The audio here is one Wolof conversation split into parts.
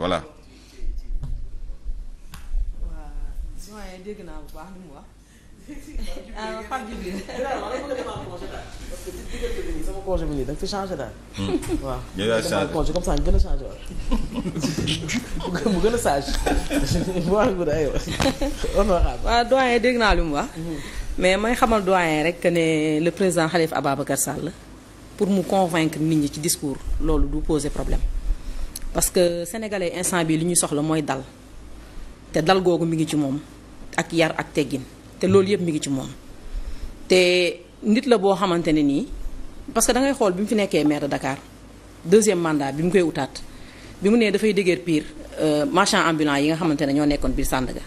voilà. Hmm. dégg naa mu wax. ah Pape Djibril. gën a changé waaw. mu gën a sage. doyen dégg naa li mu mais may xamal doyen rek que ne le président Khalifa Ababacar Sall pour mu convaincre nit ñi ci discours loolu du poser problème. parce que sénégalais instant bi li ñu soxla mooy dal te dal googu mi ngi ci moom ak yar ak teggin te loolu yëpp mi ngi ci moom te nit la boo xamante ne nii parce que da ngay xool bi mu fi nekkee maire dakaar Dakar deuxième bi mu koy utaat bi mu nee dafay dëgër pire euh, marchand ambulant yi nga xamante ne ñoo nekkoon biir Sandaga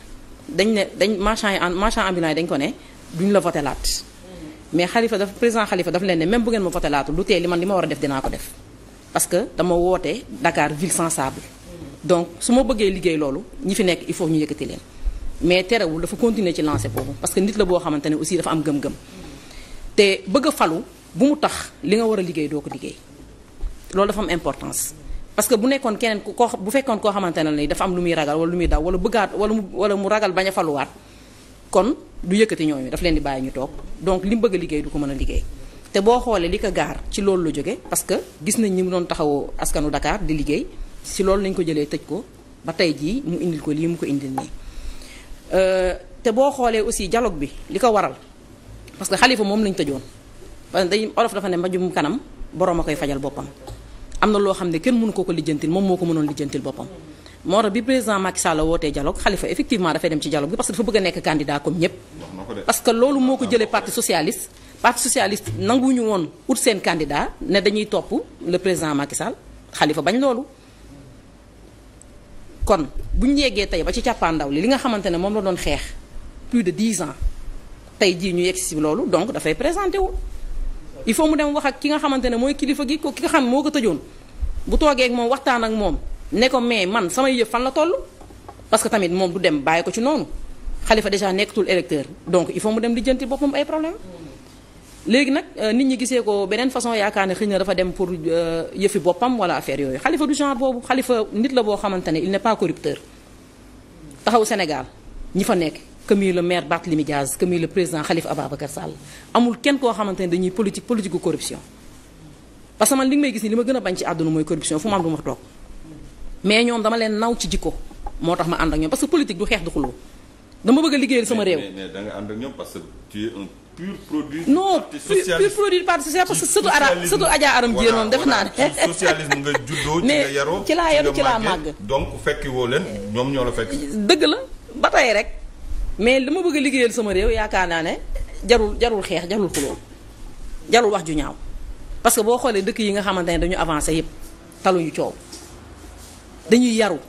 dañ ne dañ marchand yi marchand ambulant dañ ko ne duñ la voté laat mm. mais xalifa dafa président xalifa dafa leen ne même bu ma voté laatu ma war a def dinaa ko def parce que dama woote Dakar ville sans sable donc su ma bëggee liggéey loolu ñi fi nekk il faut ñu yëkkati leen mais terewul dafa continuer ci lancé boobu parce que nit la boo xamante ne aussi dafa am gëm-gëm te bëgg a falu bu mu tax li nga war a liggéey doo ko liggéey loolu dafa am importance parce que bu nekkoon keneen ko bu fekkoon koo xamante ne ni dafa am lu muy ragal wala lu muy daw wala bëggaat wala mu wala mu ragal bañ a faluwaat kon du yëkkati ñooñu daf di bàyyi ñu toog donc li bëgg liggéey du ko mën a liggéey te boo xoolee li ko gaar ci loolu la jóge parce que gis nañ ñi mu doon taxawoo askanu dakaar di liggéey si loolu lañ ko jëlee tëj ko ba tey jii mu indil ko lii mu ko indil nii euh, te boo xoolee aussi dialogue bi li ko waral parce que xalifa moom lañ tëjoon parce que dañ olof dafa ne mbajum kanam borom a fajal boppam am na loo xam ne kenn mënu ko ko lijjantil moom moo ko mënoon lijjantil boppam moo tax bi président Macky Sall wootee dialogue xalifa effectivement ci dialogue bi parce que dafa a nekk candidat que loolu moo ko jëlee parti socialiste parti socialiste nanguñu woon ut seen candidat ne dañuy topp le président Macky Sall Khalifa bañ loolu kon bu ñu yeggee tey ba ci càppaandaw li li nga xamante ne moom la doon xeex plus de dix ans tey jii ñu yegg si loolu donc dafay présenté wu. il faut mu dem wax ak ki nga xamante ne mooy kilifa gi ko ki nga xam moo ko tëjoon bu toogee ak moom waxtaan ak moom ne ko mais man samay yëf fan la toll parce que tamit moom du dem bàyyi ko ci noonu Khalifa déjà nekkatul électeur donc il faut mu dem lijjanti boppam ay problème léegi nag euh, nit ñi gisee ko beneen façon yaakaar ne xëy na dafa dem pour euh, yëfi boppam wala affaire yooyu xalifa du genre boobu xalifa nit la boo xamante ne il n'est pas corrupteur taxaw Sénégal ñi fa nekk que muy le maire Barthélémy Dias que muy le président Khalifa Ababacar Sall amul kenn koo xamante ne dañuy politique politique gu corruption parce que man li nga may gis ni li ma gën a bañ ci àdduna mooy corruption fu ma am du ma toog mais ñoom dama leen naw ci jikko moo tax ma ànd ak ñoom parce que politique du xeex dama bëgg a liggéeyal sama réew. mais mais da nga ànd ak ñoom parce que tu es un pur produit. non pur produit parti socialiste ara surtout Adja Aram Dieng moom def naa ne. socialisme nga juddoo. ci nga yaroo ci laa yaru ci laa màgg. donc fekk woo leen ñoom ñoo la fekk. dëgg la ba tey rek mais li ma bëgg a liggéeyal sama réew yaakaar naa ne jarul jarul xeex jarul xuloo jarul wax ju ñaaw parce que boo xoolee dëkk yi nga xamante ne dañu avancé yëpp taluñu coow dañuy yaru.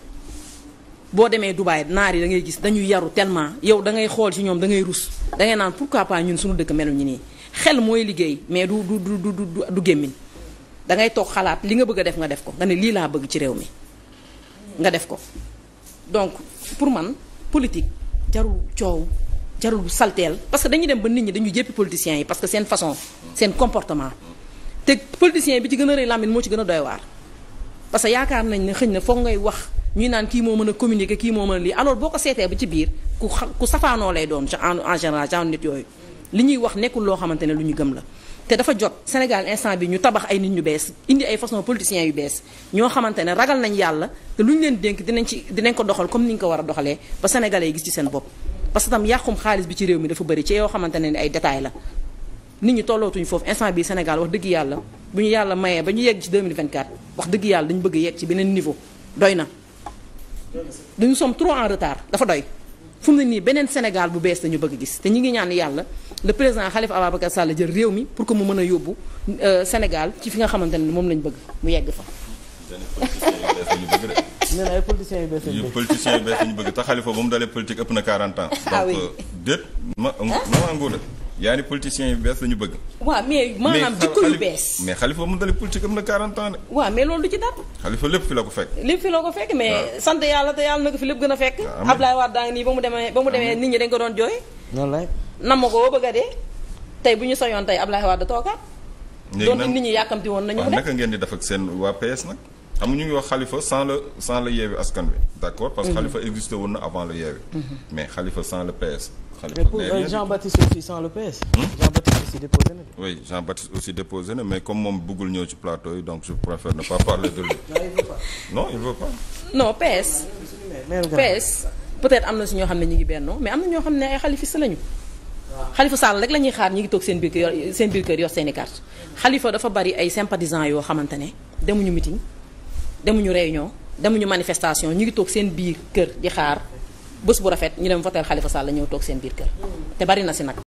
boo demee Dubaay naar yi da ngay gis dañuy yaru tellement yow da ngay xool ci ñoom dangay rus da ngay naan pourquoi pas ñun suñu dëkk meluñu nii xel mooy liggéey mais du du du du du gémmiñ da ngay toog xalaat li nga bëgg a def nga def ko nga ne lii laa bëgg ci réew mi nga def ko donc pour man politique jarul coow jarul salteel parce que dañuy dem ba nit ñi dañu jéppi politiciens yi parce que seen façon seen comportement te politicien bi ci gën a rëy Lamine moo ci gën a doy parce que yaakaar nañ ne xëñ na foog ngay wax ñuy naan kii moo mën a communiquer kii moo mën a lii alors boo ko seetee ba ci biir ku xa ku safaanoo lay doon en général genre nit yooyu li ñuy wax nekkul loo xamante ne lu ñu gëm la te dafa jot Sénégal instant bi ñu tabax ay nit ñu bees indi ay façon politiciens yu bees ñoo xamante ne ragal nañ yàlla te lu ñu leen dénk dinañ ci dinañ ko doxal comme ni ñu ko war a doxalee ba sénégalais yi gis ci seen bopp parce que tam yàqum xaalis bi ci réew mi dafa bëri ci yoo xamante ne ay détails la nit ñi tollootuñu foofu instant bi Sénégal wax dëgg yàlla bu ñu yàlla mayee ñu yegg ci 2024 wax dëgg dañu bëgg yegg ci beneen niveau doy na nous sommes trop en retard dafa doy fu mu ne nii beneen Sénégal bu bees dañu bëgg gis te ñu ngi ñaan yàlla le président Khalifa Ababacar Sall jël réew mi pour que mu mën a yóbbu euh, Sénégal ci fi nga xamante ne moom lañ bëgg mu yegg fa. nee na ay politiciens yu bees lañu bëgg politiciens yu bees lañu bëgg te Khalifa ba mu dalee politique ëpp na 40 ans. ah oui donc euh, déet ma ma maa nguur de. yaa ni politiciens yu bees lañu bëgg. waaw mais maanaam jikko yu bees. mais xalifa mu dali politique am na 40 ans de. waaw mais loolu du ci dara. xalifa lépp fi la ko fekk. lépp fi la ko fekk mais sant yàlla te yàlla na fi lépp gën a fekk. waaw Ablaye Wade nii ba mu demee ba mu demee nit ñi dañ ko doon jooy. wallaay nam ma ko ba bëgg a tey bu ñu soñoon tey Ablaye Wade toogaat. léegi nag doon nit ñi yàkkamti woon nañu. waaw naka ngeen di def ak seen waa PS nag. amuñu ngi wax xalifa sans le sans le yeewi askan wi d' accord parce que xalifa mhm. existé woon na avant le yeewi mhm. mais xalifa sans le PS mais pour euh, Jean-Baptiste aussi sans hmm? Jean-Baptiste aussi déposé na. oui mais comme moom bëggul ñëw ci plateau yi donc je préfère ne pas parler de lui. non il veut am na si ñoo xam ne ñu ngi bennoo mais am na ñoo xam ne ay xalifiste lañu. xalifa ah. Sall rek la ñuy xaar ñu ngi toog seen biir kër seen biir kër yor seen xalifa dafa bari ay sympathisants yoo xamante ne demuñu meeting. demuñu réunion demuñu manifestation ñu ngi toog seen biir kër di xaar bés bu rafet ñu dem voter Khalifa Sall ñëw toog seen biir kër te bari na si nag.